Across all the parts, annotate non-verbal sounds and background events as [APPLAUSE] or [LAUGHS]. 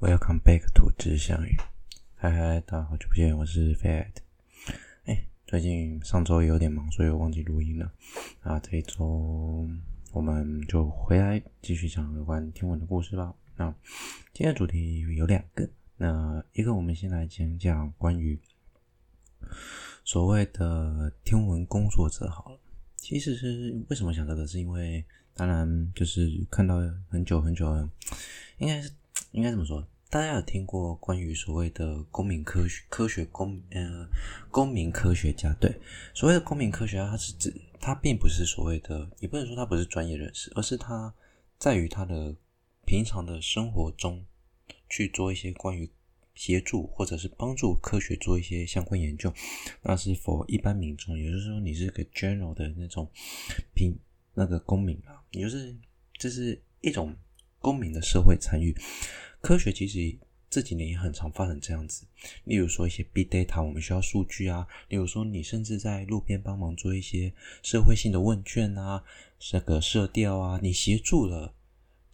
Welcome back to 直相遇，嗨嗨，大家好久不見，我是 Fiat。哎，最近上周有點忙，所以我忘記錄音了。啊，這一周我們就回來繼續講有關天文的故事吧。那今天的主題有兩個。那一個，我們先來講講關於所謂的天文工作者好了。其實是為什麼想到的是因為，當然就是看到很久很久了，應該是。應該怎麼說？大家有聽過關於所謂的公民科學、科學公，呃，公民科學家？對，所謂的公民科學家，他是指他並不是所謂的，也不能說他不是專業人士，而是他在於他的平常的生活中去做一些關於協助或者是幫助科學做一些相關研究。那是否一般民眾？也就是說，你是個 general 的那種平那個公民啊？也就是這是一種。公民的社會參與，科學其實這幾年也很常發生這樣子。例如說一些 big data，我們需要數據啊。例如說，你甚至在路邊幫忙做一些社會性的問卷啊，這個社調啊，你協助了。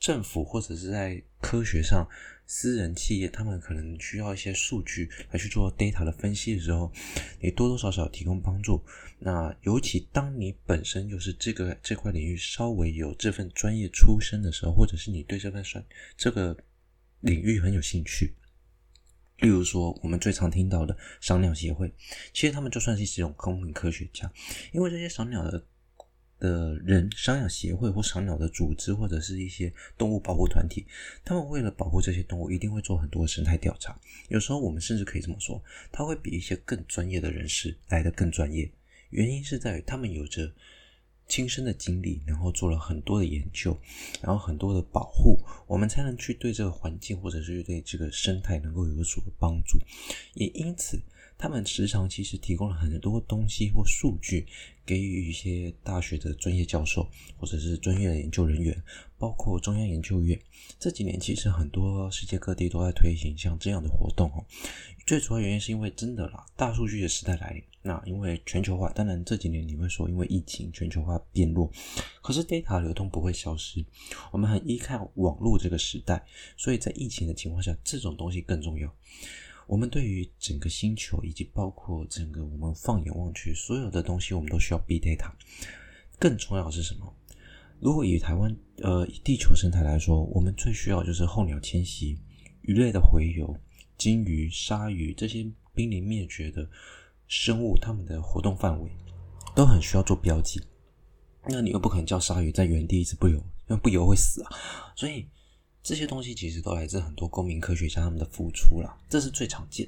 政府或者是在科學上，私人企業，他們可能需要一些數據來去做 data 的分析的時候，你多多少少提供幫助。那尤其當你本身就是這個這塊領域稍微有這份專業出身的時候，或者是你對這份這個領域很有興趣，例如說我們最常聽到的賞鳥協會，其實他們就算是一種公民科學家，因為這些賞鳥的。的人、賞鳥協會或賞鳥的組織，或者是一些動物保護團體，他們為了保護這些動物，一定會做很多生態調查。有時候我們甚至可以這麼說，他會比一些更專業的人士來得更專業。原因是在於他們有着親身的經歷，然後做了很多的研究，然後很多的保護，我們才能去對這個環境，或者是對這個生態能夠有所幫助。也因此。他們時常其實提供了很多東西或數據，給予一些大學的專業教授或者是專業的研究人員，包括中央研究院。這幾年其實很多世界各地都在推行像這樣的活動哦。最主要原因是因為真的啦，大數據的時代來臨。那因為全球化，當然這幾年你會說因為疫情全球化變弱，可是 data 流通不會消失。我們很依靠網絡這個時代，所以在疫情的情況下，這種東西更重要。我們對於整個星球，以及包括整個我們放眼望去所有的東西，我們都需要 b data。更重要的是什麼？如果以台灣呃以地球生態來說，我們最需要就是候鳥遷徙、魚類的洄游、鯨魚、鯊魚、鯊魚這些瀕臨滅絕的生物，它們的活動範圍都很需要做標記。那你又不可能叫鯊魚在原地一直不游，因為不游會死啊，所以。這些東西其實都來自很多公民科學家他們的付出啦，這是最常見。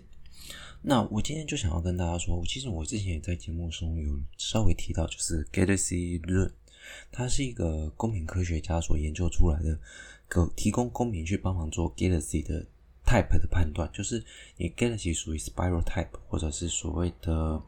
那我今天就想要跟大家說，其實我之前也在節目中有稍微提到，就是 Galaxy 論。它是一個公民科學家所研究出來的，可提供公民去幫忙做 Galaxy 的 Type 的判斷，就是你 Galaxy 屬於 Spiral Type，或者是所謂的，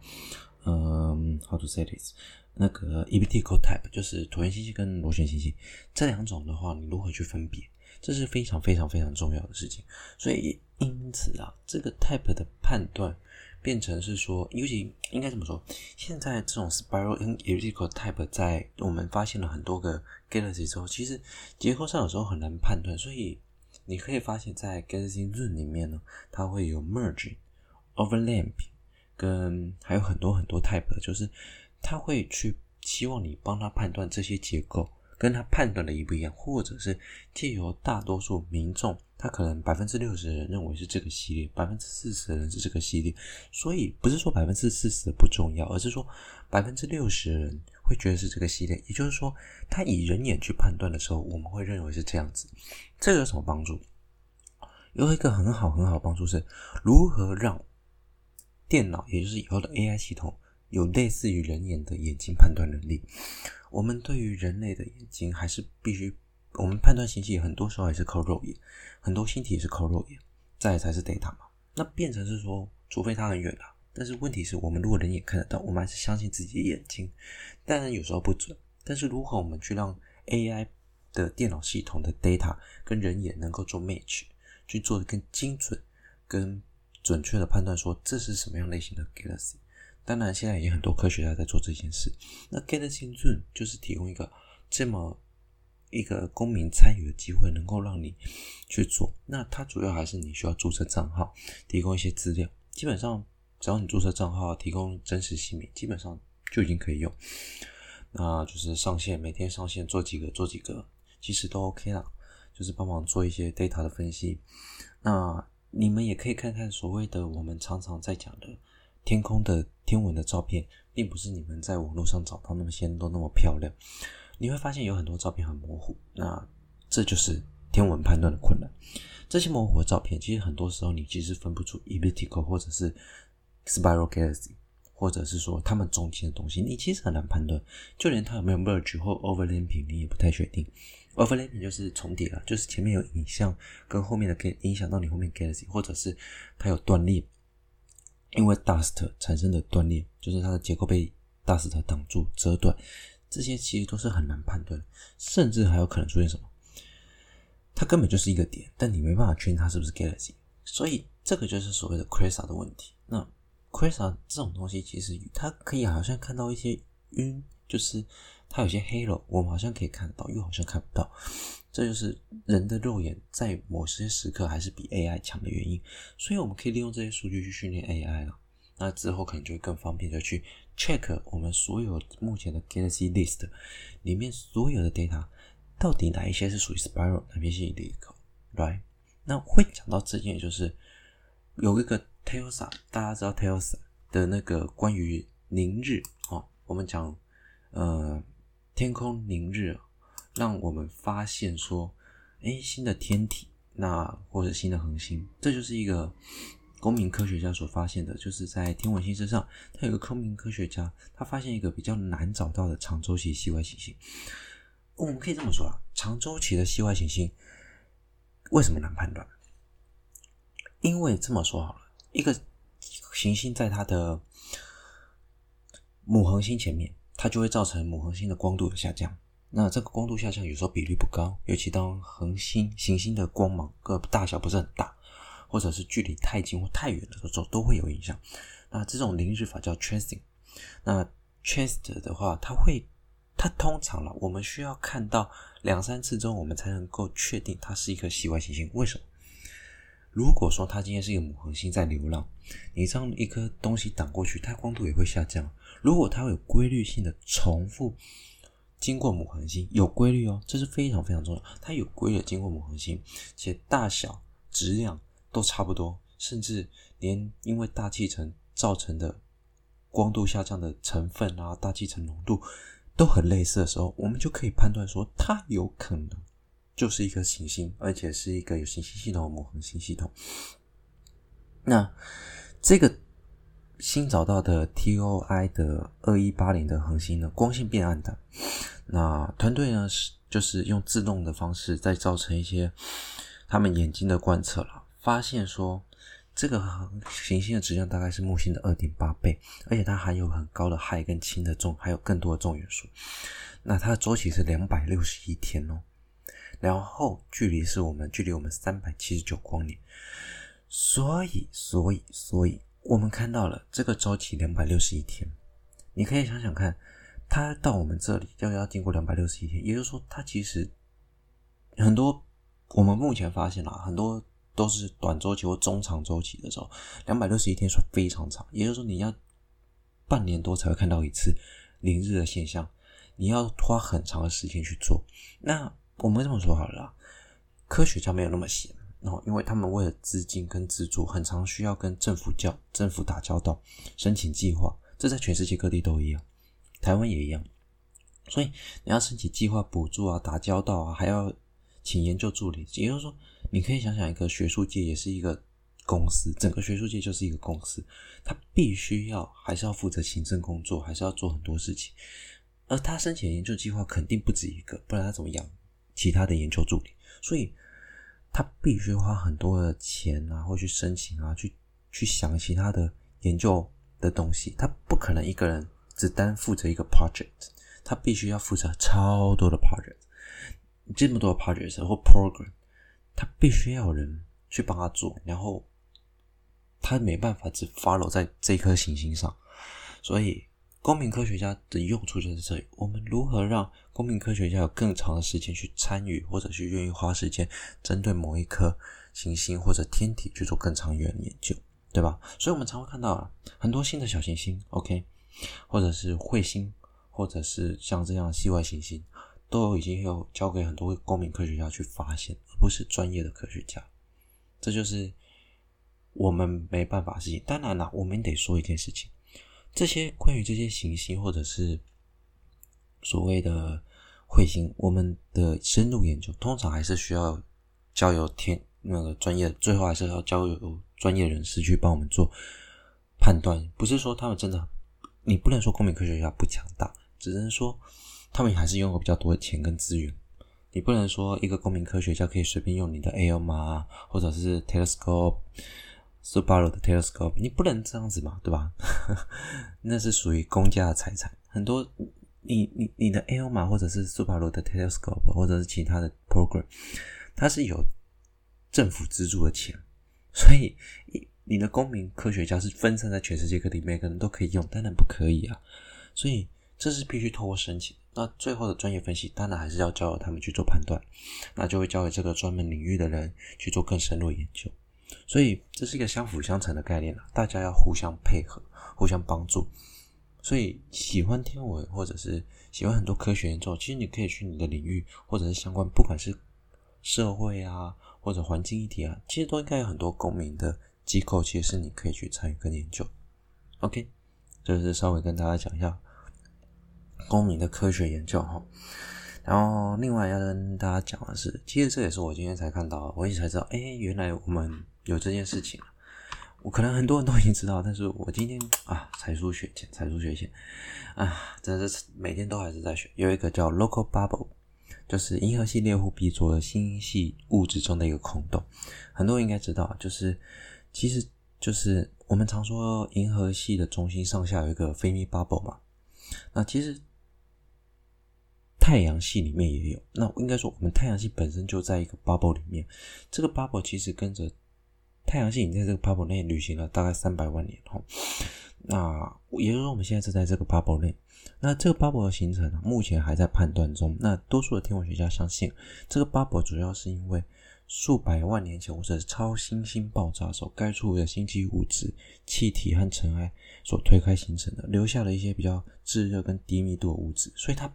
嗯、呃、，How to say this？那個 Elliptical Type，就是橢圓星系跟螺旋星系。這兩種的話，你如何去分別？這是非常非常非常重要的事情，所以因此啊，這個 type 的判斷變成是說，尤其應該怎麼說？現在這種 spiral and elliptical type，在我們發現了很多個 galaxy 之後，其實結構上有時候很難判斷，所以你可以發現在 galaxy room 裡面呢，它會有 merging、overlap，跟還有很多很多 type，就是它會去希望你幫它判斷這些結構。跟他判斷的也不一樣，或者是，借由大多數民眾，他可能百分之六十的人認為是這個系列，百分之四十的人是這個系列，所以不是說百分之四十不重要，而是說百分之六十的人會覺得是這個系列。也就是說，他以人眼去判斷的時候，我們會認為是這樣子。這個有什麼幫助？有一個很好很好的幫助是，如何讓電腦，也就是以後的 AI 系統。有類似於人眼的眼睛判斷能力。我們對於人類的眼睛還是必須，我們判斷星系很多時候也是靠肉眼，很多星體是靠肉眼，再才是 data 嘛。那變成是說，除非它很遠啊。但是問題是我們如果人眼看得到，我們還是相信自己的眼睛，當然有時候不準。但是如何我們去讓 AI 的電腦系統的 data 跟人眼能夠做 match，去做的更精準跟準確的判斷，說這是什麼樣類型的 galaxy。當然，現在也很多科學家在做這件事。那 Zooniverse 就是提供一個這麼一個公民參與的機會，能夠讓你去做。那它主要還是你需要註冊賬號，提供一些資料。基本上只要你註冊賬號，提供真實姓名，基本上就已經可以用。那就是上線，每天上線做幾個，做幾個其實都 OK 了，就是幫忙做一些 data 的分析。那你們也可以看看所謂的我們常常在講的。天空的天文的照片，並不是你們在網絡上找到那麼些都那麼漂亮。你會發現有很多照片很模糊，那這就是天文判斷的困難。這些模糊的照片，其實很多時候你其實分不出 elliptical 或者是 spiral galaxy，或者是說他們中間的東西，你其實很難判斷。就連它有沒有 merge 或 overlapping，你也不太確定。overlapping 就是重疊了、啊，就是前面有影像跟後面的影響到你後面 galaxy，或者是它有斷裂。因為 dust 產生的斷裂，就是它的結構被 dust 擋住、折斷，這些其實都是很難判斷的，甚至還有可能出現什麼？它根本就是一個點，但你沒辦法確定它是不是 galaxy。所以這個就是所謂的 quasar 的問題。那 quasar 這種東西，其實它可以好像看到一些暈，就是它有些 halo，我們好像可以看得到，又好像看不到。這就是人的肉眼在某些時刻還是比 AI 強的原因，所以我們可以利用這些數據去訓練 AI 了、啊。那之後可能就會更方便的去 check 我們所有目前的 g n c list 裡面所有的 data，到底哪一些是屬於 Spiral 哪邊是銀河，right？那會講到這件，也就是有一個 Tesla，大家知道 Tesla 的那個關於凌日哦，我們講呃天空凌日、啊。讓我們發現說，哎，新的天體，那或者新的恆星，這就是一個公民科學家所發現的。就是在天文星身上，他有一個公民科學家，他發現一個比較難找到的長周期系外行星。我們可以這麼說啊，長周期的系外行星為什麼難判斷？因為這麼說好了，一個行星在它的母恆星前面，它就會造成母恆星的光度的下降。那這個光度下降有時候比率不高，尤其當恆星、行星的光芒各大小不是很大，或者是距離太近或太遠的時候，都會有影響。那這種凌日法叫 transit。那 transit 的話，它會，它通常啦，我們需要看到兩三次之後，我們才能夠確定它是一顆系外行星。為什麼？如果說它今天是一個母恆星在流浪，你這樣一顆東西擋過去，它光度也會下降。如果它會有規律性的重複。經過母恆星有規律哦，這是非常非常重要。它有規律的經過母恆星，且大小、質量都差不多，甚至連因為大氣層造成的光度下降的成分啊、然後大氣層濃度都很類似的時候，我們就可以判斷說，它有可能就是一顆行星，而且是一個有行星系統的母恆星系統。那這個。新找到的 TOI 的二一八零的恆星呢，光線變暗的。那團隊呢是就是用自動的方式再造成一些他們眼睛的觀測了，發現說這個恆行星的質量大概是木星的二點八倍，而且它含有很高的氦跟氫的重，還有更多的重元素。那它的周期是兩百六十一天哦，然後距離是我們距離我們三百七十九光年，所以所以所以。我們看到了這個週期兩百六十一天，你可以想想看，它到我們這裡就要經過兩百六十一天，也就是說，它其實很多我們目前發現了很多都是短週期或中長週期的時候，兩百六十一天算非常長，也就是說，你要半年多才會看到一次凌日的現象，你要花很長的時間去做。那我們這麼說好了，科學家沒有那麼閒。然、哦、後，因為他們為了資金跟資助，很常需要跟政府交，政府打交道，申請計劃，這在全世界各地都一樣，台灣也一樣。所以你要申請計劃補助啊，打交道啊，還要請研究助理。也就是說，你可以想想，一個學術界也是一個公司、嗯，整個學術界就是一個公司，他必須要還是要負責行政工作，還是要做很多事情。而他申請的研究計劃肯定不止一個，不然他怎麼養其他的研究助理？所以。他必須花很多的錢，啊，或去申請啊，去去想其他的研究的東西。他不可能一個人只單負責一個 project，他必須要負責超多的 project。這麼多的 project 或 program，他必須要有人去幫他做，然後他沒辦法只 follow 在這顆行星上，所以。公民科學家的用處就是這裡。我們如何讓公民科學家有更長的時間去參與，或者去願意花時間針對某一顆行星或者天體去做更長遠的研究，對吧？所以我們才會看到、啊、很多新的小行星，OK，或者是彗星，或者是像這樣系外行星，都已經有交給很多公民科學家去發現，而不是專業的科學家。這就是我們沒辦法的事情，當然了，我們也得說一件事情。這些關於這些行星，或者是所謂的彗星，我們的深入研究通常還是需要交由天那個專業，最後還是要交由專業人士去幫我們做判斷。不是說他們真的，你不能說公民科學家不強大，只能說他們還是擁有比較多的錢跟資源。你不能說一個公民科學家可以隨便用你的 ALMA 或者是 telescope。Subaru 的 telescope，你不能這樣子嘛，對吧？ [LAUGHS] 那是屬於公家的財產。很多，你、你、你的 ALMA 或者是 Subaru 的 telescope，或者是其他的 program，它是有政府資助的錢，所以你的公民科學家是分散在全世界各地，每個人都可以用，當然不可以啊。所以這是必須透過申請。那最後的專業分析，當然還是要交由他們去做判斷，那就會交給這個專門領域的人去做更深入的研究。所以這是一個相輔相成的概念啊，大家要互相配合、互相幫助。所以喜歡天文，或者是喜歡很多科學研究，其實你可以去你的領域，或者是相關，不管是社會啊，或者環境議題啊，其實都應該有很多公民的機構，其實是你可以去參與跟研究。OK，這是稍微跟大家講一下公民的科學研究哈。然後另外要跟大家講的是，其實這也是我今天才看到的，我一直才知道，誒，原來我們。有這件事情，我可能很多人都已經知道，但是我今天啊，才疏學淺才疏學淺，啊，真的是每天都還是在學。有一個叫 Local Bubble，就是銀河系獵戶 B 座星系物質中的一個空洞，很多人應該知道，就是其實就是我們常說銀河系的中心上下有一個費米 Bubble 嘛，那其實太陽系裡面也有，那應該說我們太陽系本身就在一個 Bubble 裡面，這個 Bubble 其實跟着。太陽系已經在這個 bubble 內旅行了大概三百萬年，齁，那也就是說，我們現在是在這個 bubble 內。那這個 bubble 的形成目前還在判斷中。那多數的天文學家相信，這個 bubble 主要是因為數百萬年前或者是超新星爆炸時候，該處的星際物質、氣體和塵埃所推開形成的，留下了一些比較炙熱跟低密度的物質。所以它，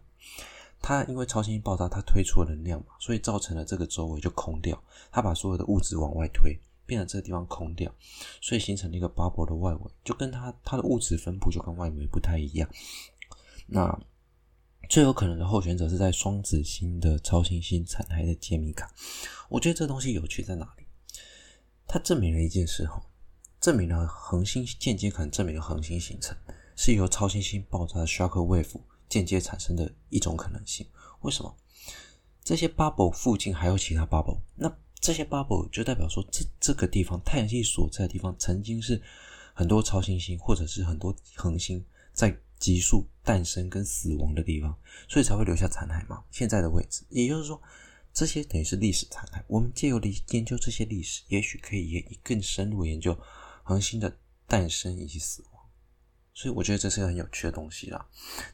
它因為超新星爆炸，它推出了能量嘛，所以造成了這個周圍就空掉，它把所有的物質往外推。變得這個地方空掉，所以形成了一個 bubble 的外圍，就跟它它的物質分布就跟外圍不太一樣。那最有可能的候選者是在雙子星的超新星殘骸的揭秘卡。我覺得這東西有趣在哪裡？它證明了一件事齁，證明了恆星間接可能證明了恆星形成是由超新星爆炸的 shock wave 間接產生的一種可能性。為什麼？這些 bubble 附近還有其他 bubble，那這些 bubble 就代表說，這這個地方太陽系所在的地方，曾經是很多超新星或者是很多恆星在急速誕生跟死亡的地方，所以才會留下殘骸嘛。現在的位置，也就是說，這些等於是歷史殘骸。我們借由研究這些歷史，也許可以也更深入研究恆星的誕生以及死亡。所以我覺得這是一個很有趣的東西啦，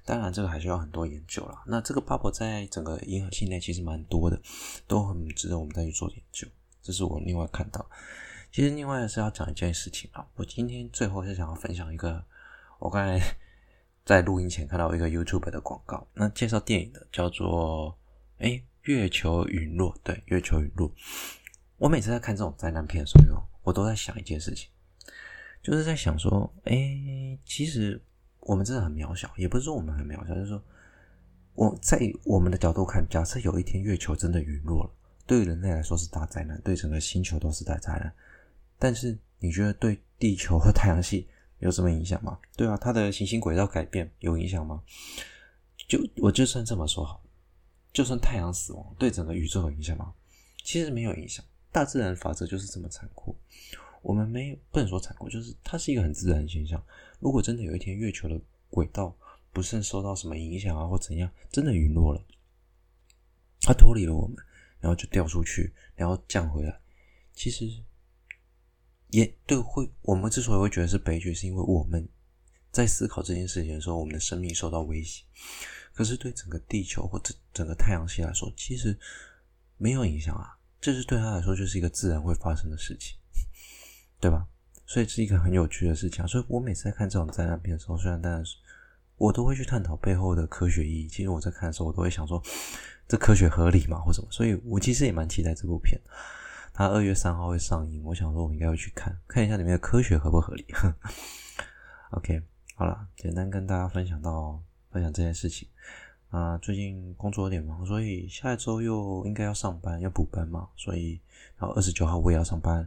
當然這個還需要很多研究啦，那這個 bubble 在整個銀河系內其實蠻多的，都很值得我們再去做研究。這是我另外看到。其實另外的是要講一件事情啊，我今天最後是想要分享一個，我剛才在錄音前看到一個 YouTube 的廣告，那介紹電影的叫做誒，《月球隕落》，對，月球隕落。我每次在看這種災難片的時候，我都在想一件事情。就是在想說，哎、欸，其實我們真的很渺小，也不是說我們很渺小，就是說，我在我們的角度看，假設有一天月球真的隕落了，對人類來說是大災難，對整個星球都是大災難。但是你覺得對地球和太陽系有什麼影響嗎？對啊，它的行星軌道改變有影響嗎？就我就算這麼說好，就算太陽死亡，對整個宇宙有影響嗎？其實沒有影響，大自然法則就是這麼殘酷。我們沒有，不能說慘過，就是它是一個很自然的現象。如果真的有一天月球的軌道不慎受到什麼影響啊，或怎樣，真的隕落了，它脫離了我們，然後就掉出去，然後降回來，其實也對。會我們之所以會覺得是悲劇，是因為我們在思考這件事情的時候，我們的生命受到威脅。可是對整個地球或者整個太陽系來說，其實沒有影響啊。這，就是對他來說就是一個自然會發生的事情。對吧？所以是一個很有趣的事情啊。所以我每次在看這種災難片的時候，雖然當然是我都會去探討背後的科學意義。其實我在看的時候，我都會想說，這科學合理嗎？或什麼？所以我其實也蠻期待這部片。它二月三號會上映，我想說，我應該會去看，看一下裡面的科學合不合理。哼。 [LAUGHS] OK，好了，簡單跟大家分享到，分享這件事情。啊，最近工作有點忙，所以下一周又應該要上班，要補班嘛。所以然後二十九號我也要上班。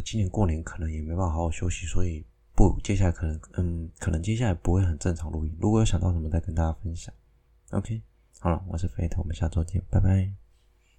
今年過年可能也沒辦法好好休息，所以不，接下來可能，嗯，可能接下來不會很正常錄音。如果有想到什麼，再跟大家分享。OK，好了，我是飛特，我們下周見，拜拜。